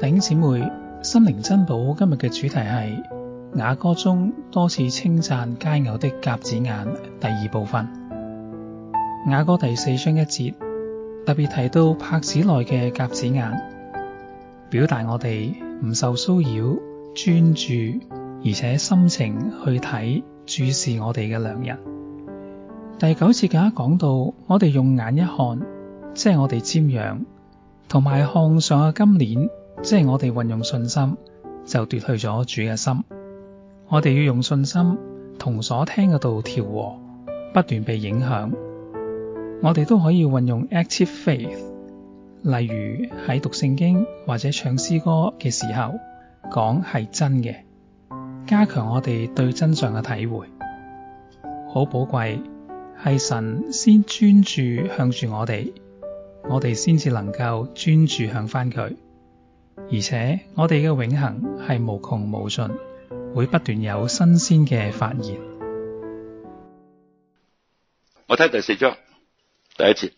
弟兄姊妹，心靈珍寶今日嘅主題係雅歌中多次稱讚佳偶的鴿子眼。第二部分，雅歌第四章一節特別提到帕子內嘅鴿子眼，表達我哋唔受騷擾、專注而且深情去睇注視我哋嘅良人。第九節更加講到，我哋用眼一看，即係我哋瞻仰同埋看上嘅金鍊即係我哋運用信心，就奪去咗主嘅心。我哋要用信心同所聽嘅道調和，不斷被影響。我哋都可以運用 active faith，例如喺讀聖經或者唱詩歌嘅時候講係真嘅，加強我哋對真相嘅體會。好寶貴，係神先專注向住我哋，我哋先至能夠專注向返佢。而且我哋嘅永恒係無窮無盡，會不斷有新鮮嘅發現。我睇，第四章第一節，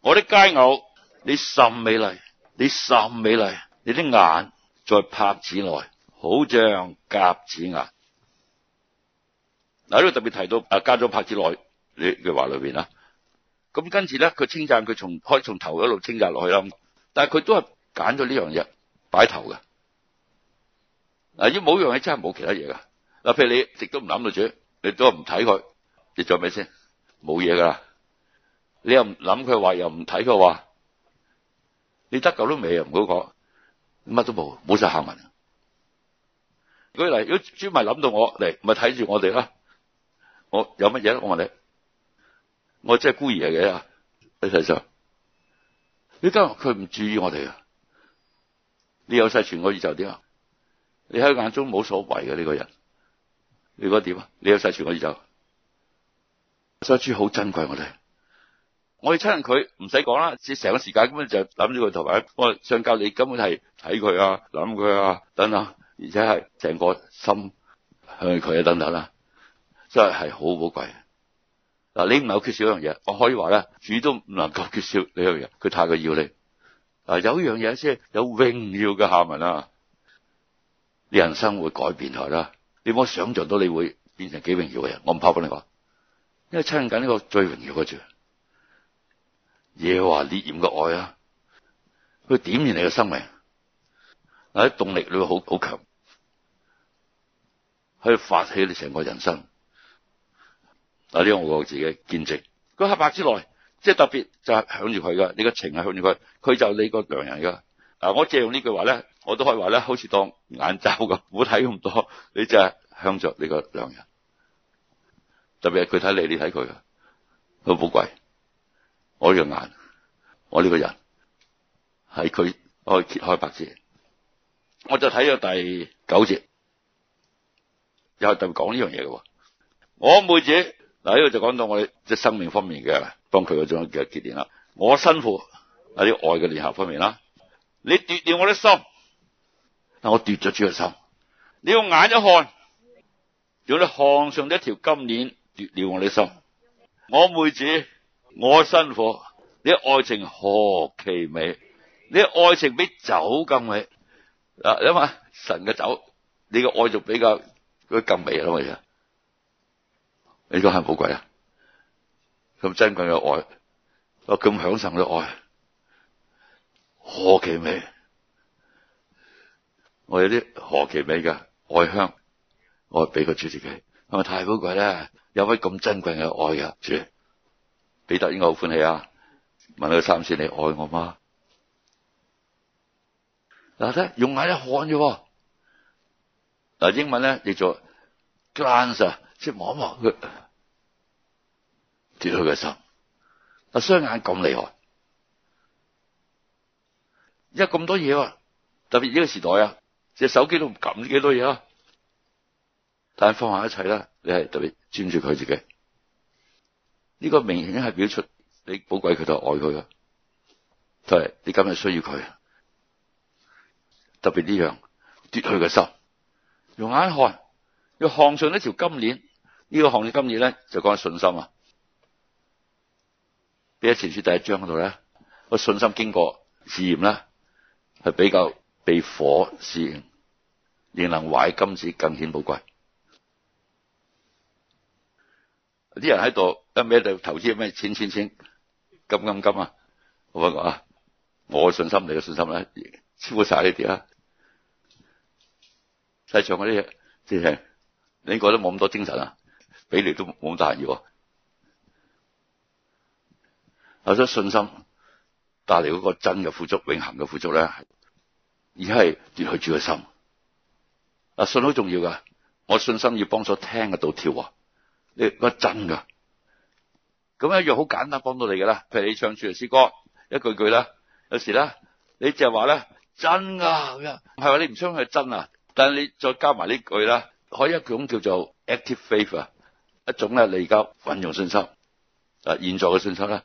我的佳偶，你甚美麗，你甚美麗，你的眼在帕子內，好像鴿子眼。嗱，呢度特別提到，啊，加咗帕子內呢句話裏邊啦。咁跟住咧，佢稱讚佢從開從頭一路稱讚落去啦。但係佢都係。揀咗呢樣嘢擺頭㗎。嗱，要冇樣嘢，真係冇其他嘢噶，嗱，譬如你亦都唔諗到主，你都唔睇佢，你做咩先？冇嘢噶啦，你又唔諗佢話又唔睇佢話，你得夠都未啊？唔好講，乜都冇，冇晒下文。如果嚟，如果主咪諗到我嚟，咪睇住我哋啦。我有乜嘢我問你，我真係孤兒嚟嘅，睇上你得佢唔注意我哋啊？你有晒全個宇宙點啊？你喺眼中冇所謂嘅呢個人，你覺得點啊？你有晒全個宇宙，所以主好珍貴我哋。我哋親近佢，唔使講啦，即成個時間根本就諗住佢頭先。我上教你根本係睇佢啊，諗佢啊，等等，而且係成個心向佢啊，等等啦，真係好寶貴。嗱，你唔係好缺少一樣嘢，我可以話咧，主都唔能夠缺少你呢個嘢。佢太過要你。嗱、啊，有一樣嘢，先係有榮耀嘅下文啊。你人生會改變台啦，你可想象到你會變成幾榮耀嘅人？我唔怕俾你講，因為親近呢個最榮耀嘅字，耶華烈焰嘅愛啊，佢點燃你嘅生命，嗱、啊、喺動力裏好好強，可以發起你成個人生，嗱，呢個我自己嘅見證，個黑白之內。即係特別就係響住佢噶，呢個情係向住佢，佢就呢個良人噶、啊。我借用呢句話咧，我都可以話咧，好似當眼罩咁，唔好睇咁多。你就係向着呢個良人，特別係佢睇你，你睇佢噶，好寶貴。我呢個眼，我呢個人，係佢可以揭開帕子，我就睇咗第九節，又、就、係、是、特別講呢樣嘢嘅。我妹子，嗱、啊、呢、這個就講到我哋即係生命方面嘅。幫佢個種嘅結連合，我辛苦喺啲愛嘅連合方面啦。你奪掉我的心，嗱，我奪咗主嘅心，你用眼一看，用你項上一條金鏈奪了我嘅心。我妹子，我新婦，你愛情何其美，你愛情比酒更美嗱。因為神嘅酒，你嘅愛就比較佢更美咯。你講，呢個係咪寶貴啊？咁珍貴嘅愛，我咁享受嘅愛，何其美！我有啲何其美嘅愛香，我俾個主子記，我太寶貴呢？有位咁珍貴嘅愛啊，主，彼得應該好歡喜啊！問佢三次你愛我嗎？嗱，睇用眼一看啫，嗱英文咧，叫做 glance，即係望一望佢。奪去佢嘅心，嗱雙眼咁厲害，而家咁多嘢，特別呢個時代啊，隻手機都唔撳幾多嘢啊。但係放下一切啦，你係特別專注佢自己。呢、這個明顯係表出你寶貴佢就愛佢就係你今日需要佢，特別呢樣奪去佢嘅心，用眼看，要看上一條金鏈，呢、這個看住金鏈咧就講信心啊。《彼得前書》第一章嗰度咧，個信心經過試驗啦，係比較被火試驗，仍能壞金子更顯寶貴。啲人喺度一咩就投資咩錢錢錢金金金啊！我唔啊，我信心你嘅信心咧，超過晒呢啲啊！世上嗰啲嘢，即係你覺得冇咁多精神啊？比你都冇咁大意喎。有咗信心，帶嚟嗰個真嘅富足、永恆嘅富足咧，而家係奪去主嘅心。啊，信好重要噶，我信心要幫咗聽得到跳啊！你覺得真噶，咁一樣好簡單幫到你噶啦。譬如你唱住詩歌，一句句啦，有時啦，你就話咧真噶咁樣，係話你唔相信係真啊，但係你再加埋呢句啦，可以一種叫做 active faith 啊，一種咧你而家運用信心啊，現在嘅信心啦。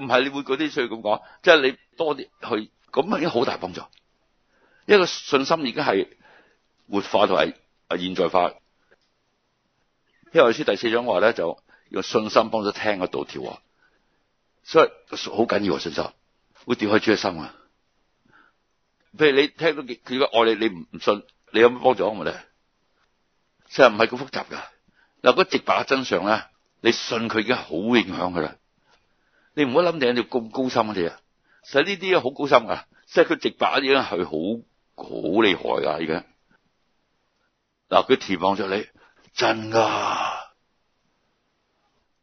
唔係你會嗰啲需要咁講，即係你多啲去，咁已經好大幫助。一個信心已經係活化同埋啊，現代化。因為書第四章話咧，就用信心幫咗聽嗰度跳啊，所以好緊要啊，信心會掉開主嘅心啊。譬如你聽到佢佢嘅愛你，你唔唔信，你有咩幫助啊？我哋真係唔係咁複雜噶。嗱，嗰直白真相咧，你信佢已經好影響噶啦。你唔好諗定佢咁高深啲啊，其實呢啲嘢好高深啊，即係佢直白啲啊，係好好厲害啊。而家嗱，佢眺望著你，真噶。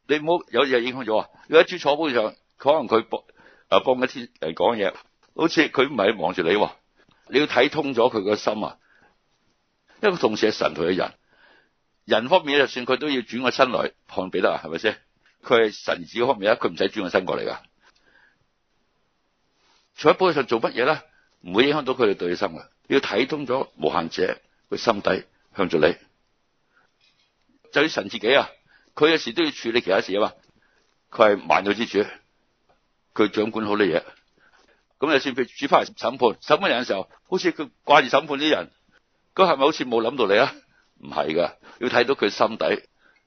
你唔好有嘢影響咗啊！有一注坐高上，可能佢幫啊幫一天人講嘢，好似佢唔係望住你喎。你要睇通咗佢個心啊，因為同時係神佢嘅人，人方面就算佢都要轉個身來看彼得，係咪先？佢係神子康，唔而家佢唔使轉個身過嚟噶坐喺玻璃上做乜嘢咧？唔會影響到佢哋對你心噶要睇通咗無限者佢心底向住你。就算神自己啊，佢有時都要處理其他事啊嘛。佢係萬有之主，佢掌管好多嘢。咁就算佢主翻嚟審判審判人嘅時候，好似佢掛住審判啲人，佢係咪好似冇諗到你啊？唔係噶，要睇到佢心底。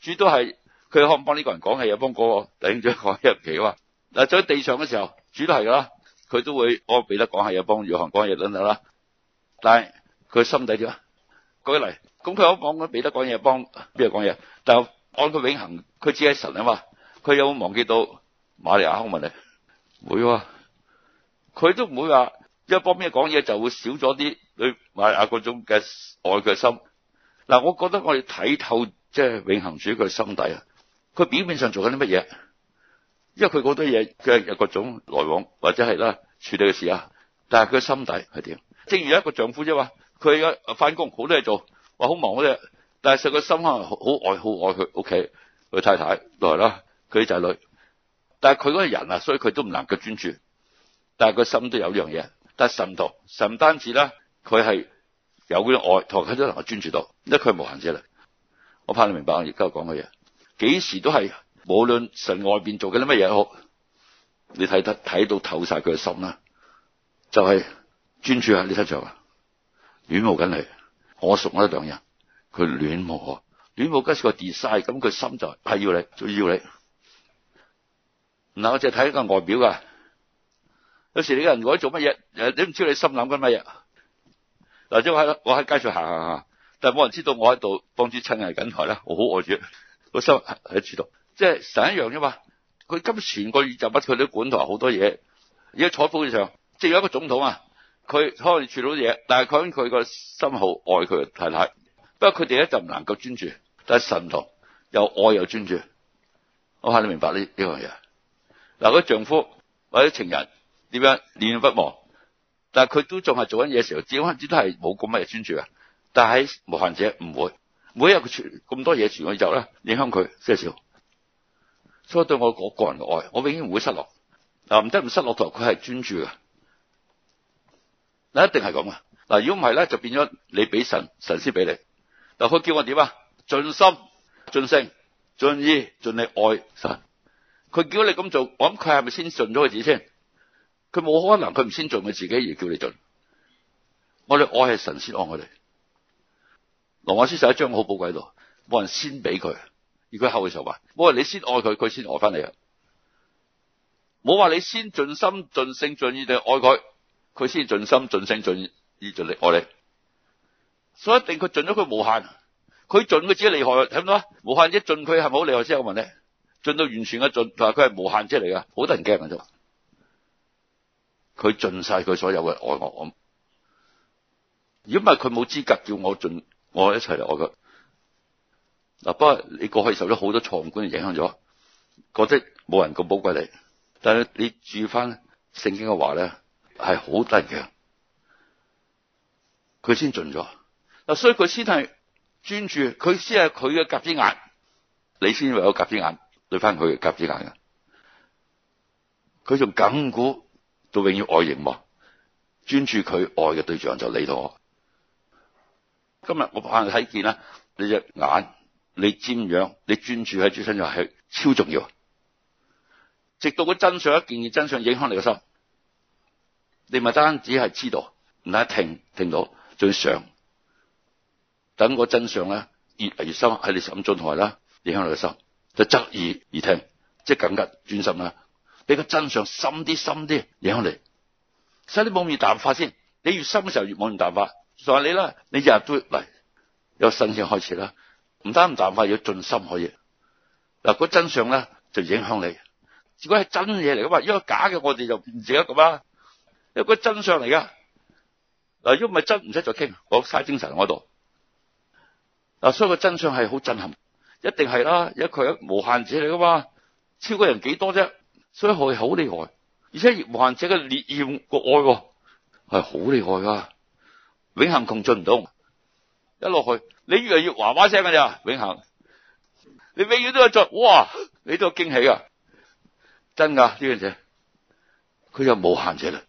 主都係佢可唔可幫呢個人講嘢，又幫嗰個弟兄仔講一期啊？嗱，就喺地上嘅時候，主都係噶啦，佢都會幫彼得講嘢，又幫約翰講嘢等等啦。但係佢心底點啊？舉例，咁佢可講咁彼得講嘢，又幫邊個講嘢？但係按佢永恒，佢只係神啊嘛，佢有冇忘記到馬利亞康問你？唔會啊，佢都唔會話，因為幫邊個講嘢就會少咗啲對馬利亞嗰種嘅愛佢嘅心。嗱，我覺得我哋睇透。即係永恆住喺佢心底啊！佢表面上做緊啲乜嘢？因為佢好多嘢佢係有各種來往或者係啦處理嘅事啊。但係佢心底係點？正如一個丈夫啫嘛，佢嘅返工好多嘢做，話好忙嗰啲。但係實個心可能好愛好愛佢屋企，佢太太來啦，佢啲仔女。但係佢個人啊，所以佢都唔能夠專注。但係個心都有一樣嘢，但德甚多，唔單止啦，佢係有嗰種愛，同佢都能夠專注到，因為佢係無限者嚟。我怕你明白我而家講嘅嘢，幾時都係無論神外邊做緊啲乜嘢，好你睇得睇到透晒佢嘅心啦，就係專注啊！呢七樣，戀慕緊你，我熟嗰兩樣，佢戀慕，戀慕緊個 design，咁佢心就係要你，要你。嗱，我淨係睇一個外表噶，有時你個人我喺做乜嘢，你唔知你心諗緊乜嘢。嗱，即係我喺我喺街上行下吓。但係冇人知道我喺度幫住襯係緊台咧，我好愛住個心喺知道，即係神一樣啫嘛。佢今全個宇宙不佢啲管台好多嘢，而家坐寶上即係有一個總統啊，佢可以處理嘢，但係佢佢個心好愛佢太太，不過佢哋咧就唔能夠專注，但係神唔同，又愛又專注。我下你明白呢呢樣嘢嗱，嗰啲丈夫或者情人點樣念念不忘，但係佢都仲係做緊嘢嘅時候，只可以只都係冇咁乜嘢專注啊。但喺無限者唔會每一日傳咁多嘢傳佢入咧，影響佢少少。所以對我個人嘅愛，我永遠唔會失落嗱。唔得唔失落，同佢係專注嘅嗱，一定係咁嘅嗱。如果唔係咧，就變咗你俾神神先俾你嗱。佢叫我點啊？盡心、盡性、盡意盡力愛神。佢叫你咁做，我諗佢係咪先盡咗佢自己先？佢冇可能，佢唔先盡佢自己而叫你盡。我哋愛係神先愛我哋。羅馬書十一章好寶貴喺度，冇人先俾佢，而佢後嘅時候話：冇人你先愛佢，佢先愛翻你啊！冇話你先盡心盡性盡意地愛佢，佢先盡心盡性盡意盡力愛你。所以一定佢盡咗佢無限，佢盡佢自己厲害睇唔到啊！無限一係盡佢係咪好厲害先。我問你，盡到完全嘅盡，同埋佢係無限之嚟噶，好得人驚啊！就佢盡晒佢所有嘅愛我咁，如果唔係佢冇資格叫我盡。我一齊嚟，我個嗱，不過你過去受咗好多藏管嘅影響咗，覺得冇人咁寶貴你，但係你住翻聖經嘅話咧，係好得嘅，佢先進咗嗱，所以佢先係專注，佢先係佢嘅鴿子眼，你先為我鴿子眼對翻佢嘅鴿子眼嘅，佢仲緊箍到永遠外形，專注佢愛嘅對象就你同我。今日我怕人睇見啦，你隻眼，你瞻仰，你專注喺主身上係超重要。直到個真相一件件真相影響你個心，你咪係單止係知道，唔一停停到，再上，等個真相咧越嚟越深，喺你深進害啦，影響你個心，就側耳而聽，即係更加專心啦。你個真相深啲深啲影響你，使你冇咁易淡化先。你越深嘅時候越冇咁易淡化。就你啦，你日日都嚟，有新嘅開始啦。唔單唔淡化，要盡心可以。嗱、那，個真相咧就影響你。如果係真嘢嚟嘅嘛，如果假嘅，我哋就唔止一咁啦。因為，因為真真個真相嚟噶。嗱，如果唔係真，唔使再傾，我嘥精神喺度。嗱，所以個真相係好震撼，一定係啦，而家佢係無限者嚟噶嘛，超過人幾多啫。所以係好厲害，而且無限者嘅烈焰個愛係好厲害噶。永恆窮盡唔到，一落去，你越嚟越嘩嘩聲嘅啫。永恆，你永遠都有進，哇！你都有驚喜啊，真噶，呢樣嘢，佢又冇限制啦。